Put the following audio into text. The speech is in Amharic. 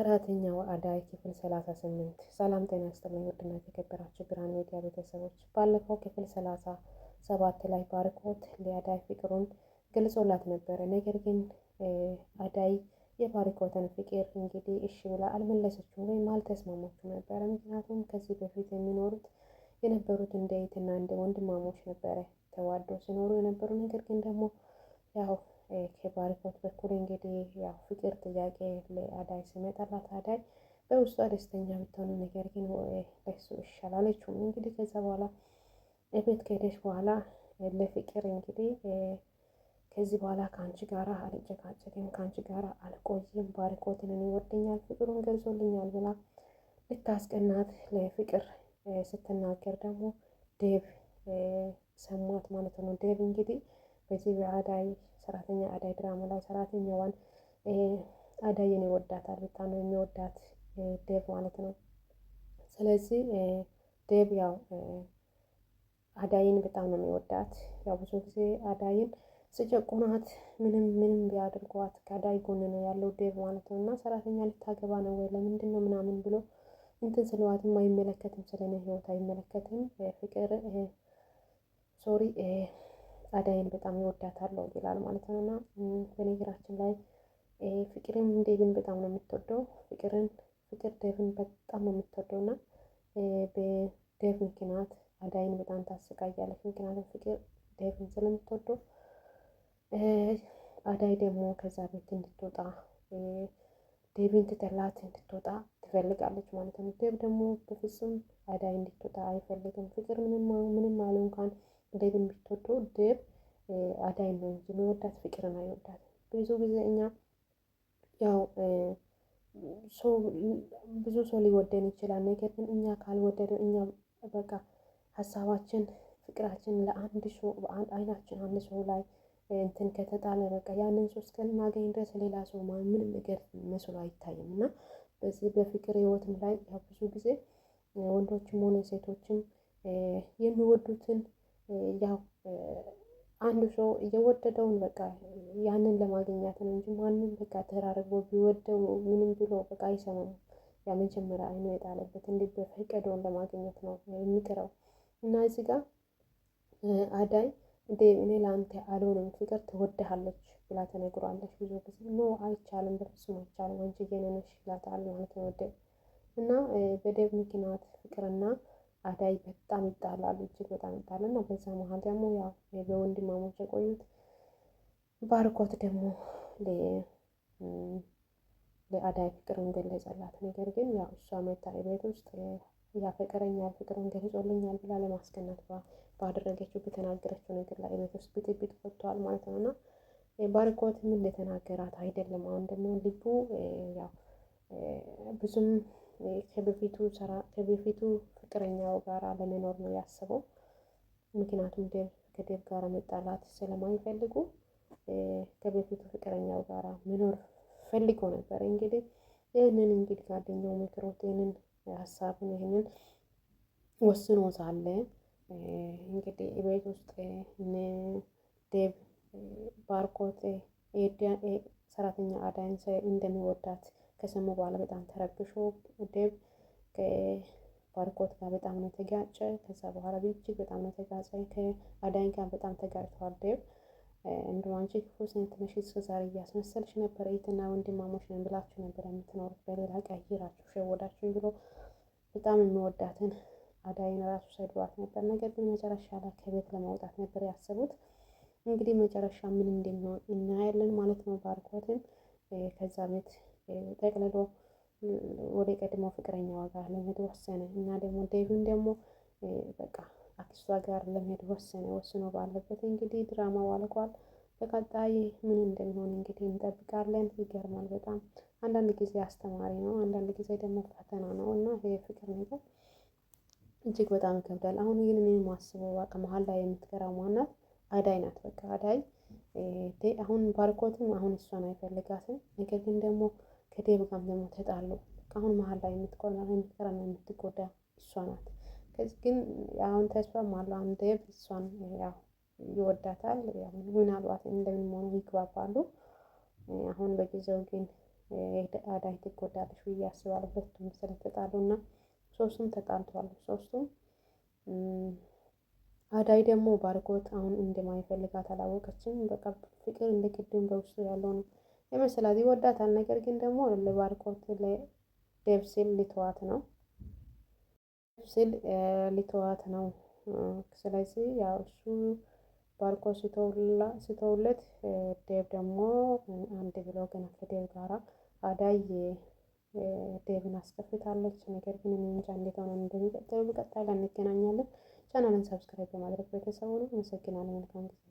አራተኛው አዳይ ክፍል 38 ሰላም ጤና ይስጥልኝ። ውድና የተከበራችሁ ብርሃን ሚዲያ ቤተሰቦች ባለፈው ክፍል 37 ላይ ባርኮት ለአዳይ ፍቅሩን ገልጾላት ነበረ። ነገር ግን አዳይ የባርኮትን ፍቅር እንግዲህ እሺ ብላ አልመለሰችም ወይም አልተስማማችም ነበረ። ምክንያቱም ከዚህ በፊት የሚኖሩት የነበሩት እንደ እህትና እንደ ወንድማሞች ነበረ ተዋደው ሲኖሩ የነበሩ ነገር ግን ደግሞ ያው ከባርኮት በኩል እንግዲህ ያው ፍቅር ጥያቄ አዳይ ሲመጣላት አዳይ በውስጧ ደስተኛ ብትሆን ነገር ግን በሱ ይሻላለችም። እንግዲህ ከዛ በኋላ እቤት ከሄደች በኋላ ለፍቅር እንግዲህ ከዚህ በኋላ ከአንቺ ጋራ አልጨቃጨቅም፣ ከአንቺ ጋራ አልቆይም፣ ባርኮትን ይወደኛል፣ ፍቅሩን ገልጾልኛል ብላ ልታስቀናት ለፍቅር ስትናገር ደግሞ ዴቭ ሰማት ማለት ነው። ዴቭ እንግዲህ በዚህ በአዳይ ሰራተኛ አዳይ ድራማ ላይ ሰራተኛዋን አዳይን ይወዳታል። በጣም የሚወዳት ዴቭ ማለት ነው። ስለዚህ ዴቭ ያው አዳይን በጣም ነው የሚወዳት። ያው ብዙ ጊዜ አዳይን ስጨቁናት ምንም ምንም ቢያደርጓት ከአዳይ ጎን ነው ያለው ዴቭ ማለት ነው። እና ሰራተኛ ልታገባ ነው ወይ ለምንድን ነው ምናምን ብሎ እንትን ስለዋትም አይመለከትም፣ ስለኔ ህይወት አይመለከትም። ፍቅር ሶሪ አዳይን በጣም ይወዳታል ይላል ማለት ነው። እና በነገራችን ላይ ፍቅርን ዴቭን በጣም ነው የምትወደው። ፍቅርን ፍቅር ዴቭን በጣም ነው የምትወደው እና በደብ ምክንያት አዳይን በጣም ታሰቃያለች። ምክንያቱም ፍቅር ዴቭን ስለምትወደው አዳይ ደግሞ ከዛ ቤት እንድትወጣ ዴቪን ትተላት እንድትወጣ ትፈልጋለች ማለት ነው። ደብ ደግሞ በፍጹም አዳይ እንድትወጣ አይፈልግም። ፍቅር ምንም አለ እንኳን ዴቭን ብትወደው ደብ አዳይ ነው እንጂ የሚወዳት ፍቅርን አይወዳት። ብዙ ጊዜ እኛ ያው ሰው ብዙ ሰው ሊወደን ይችላል። ነገር ግን እኛ ካልወደድን እኛ በቃ ሀሳባችን ፍቅራችን ለአንድ ሰው አይናችን አንድ ሰው ላይ እንትን ከተጣለ በቃ ያንን ሰው እስከምናገኝ ድረስ ሌላ ሰው ምንም ነገር መስሎ አይታይም እና በዚህ በፍቅር ህይወትም ላይ ያው ብዙ ጊዜ ወንዶችም ሆነ ሴቶችም የሚወዱትን ያው አንዱ ሰው እየወደደውን በቃ ያንን ለማግኘት ነው እንጂ ማንም በቃ ተራርቦ ቢወደው ምንም ብሎ በቃ አይሰማም። ያመጀመሪያ አይኑ የጣለበት እንዲህ በፈቀደውን ለማግኘት ነው የሚጥረው እና እዚህ ጋር አዳይ እንዴ እኔ ለአንተ አልሆንም ፍቅር ትወድሃለች ብላ ተነግሯለች። ብዙ ጊዜ ኖ አይቻልም፣ በፍጹም አይቻልም አንቺ ጀነነሽ ይላታል ማለት ነው። እና በደብ ምክንያት ፍቅርና አዳይ በጣም ይጣላሉ፣ እጅግ በጣም ይጣላሉ እና በዛ መሀል ደግሞ ያው በወንድማሞች የቆዩት ባርኮት ደግሞ ለአዳይ ፍቅርን ገለጸላት። ነገር ግን ያው እሷ መታ ቤት ውስጥ ያፈቅረኛል ፍቅርን ገልጾልኛል ብላ ለማስቀናት ባደረገችው በተናገረችው ነገር ላይ ቤት ውስጥ ብጥብጥ ፈጥቷል ማለት ነው እና ባርኮት ምን እንደተናገራት አይደለም። አሁን ደግሞ ልቡ ያው ብዙም ከበፊቱ ፍቅረኛው ጋር ለመኖር ነው ያሰበው። ምክንያቱም ደብ ከደብ ጋር መጣላት ስለማይፈልጉ ከበፊቱ ፍቅረኛው ጋር መኖር ፈልጎ ነበር። እንግዲህ ይህንን እንግዲህ ጓደኛው ምክሮት ይህንን ሀሳብን ይህንን ወስኖ ሳለ እንግዲህ ቤት ውስጥ ዴቭ ባርኮት ሰራተኛ አዳይን እንደሚወዳት ከሰሙ በኋላ በጣም ተረብሾ ዴቭ ባርኮት ጋር በጣም ነው ተጋጨ። ከዛ በኋላ እጅግ በጣም ነው ተጋጨ። ከአዳኝ ጋር በጣም ተጋጭተዋል። ዴቭ እንደው አንቺ ክፉ ስንትነሽ እስከ ዛሬ እያስመሰልሽ ነበረ እህትና ወንድማሞች ነን ብላችሁ ነበር የምትኖሩት፣ በሌላ ቀይራችሁ ሸወዳችሁኝ ብሎ በጣም የሚወዳትን አዳይን ራሱ ሰድቧት ነበር። ነገር ግን መጨረሻ ላይ ከቤት ለማውጣት ነበር ያሰቡት። እንግዲህ መጨረሻ ምን እንደሚሆን እናያለን ማለት ነው። ባርኮትን ከዛ ቤት ጠቅልሎ ወደ ቀድሞ ፍቅረኛ ጋር ለመሄድ ወሰነ እና ደግሞ ዴቪን ደግሞ በቃ አክስቷ ጋር ለመሄድ ወሰነ። ወስኖ ባለበት እንግዲህ ድራማው አልቋል። በቀጣይ ምን እንደሚሆን እንግዲህ እንጠብቃለን። ይገርማል በጣም አንዳንድ ጊዜ አስተማሪ ነው፣ አንዳንድ ጊዜ ደግሞ ፈተና ነው እና ይሄ ፍቅር ነገር እጅግ በጣም ይከብዳል። አሁን ግን እኔ ማስበው በቃ መሀል ላይ የምትገራው ማናት አዳይ ናት። በቃ አዳይ አሁን ባርኮትም አሁን እሷን አይፈልጋትም ነገር ግን ደግሞ ከዴቭ ጋርም ደግሞ ተጣሉ። አሁን መሀል ላይ የምትቆና የምትቀረና የምትጎዳ እሷ ናት። ከዚህ ግን አሁን ተስፋም አለው አሁን ዴቭ እሷን ያው ይወዳታል። ምናልባት እንደምንሆኑ ይግባባሉ። አሁን በጊዜው ግን አዳይ ትጎዳለች ብዬ አስባለሁ። ሁለቱም ስለተጣሉ እና ሶስቱም ተጣልተዋል። ሶስቱም አዳይ ደግሞ ባርኮት አሁን እንደማይፈልጋት አላወቀችም። በቃ ፍቅር እንደ ቅድም በውስጡ ያለው ነው የምር ይወዳታል፣ ነገር ግን ደግሞ ለባርኮት ለዴቭ ሲል ሊተዋት ነው ሲል ሊተዋት ነው። ስለዚህ ያው እሱ ባርኮ ሲተውለት ዴቭ ደግሞ አንድ ብሎ ግን ከዴቭ ጋራ አዳይ ዴቭን አስከፍታለች። ነገር ግን እኔ እንጃ እንዴት ሆነ እንደሚቀጥለው። በቀጣይ እንገናኛለን። ቻናልን ሰብስክራይብ በማድረግ ቤተሰቡን አመሰግናለሁ። መልካም ጊዜ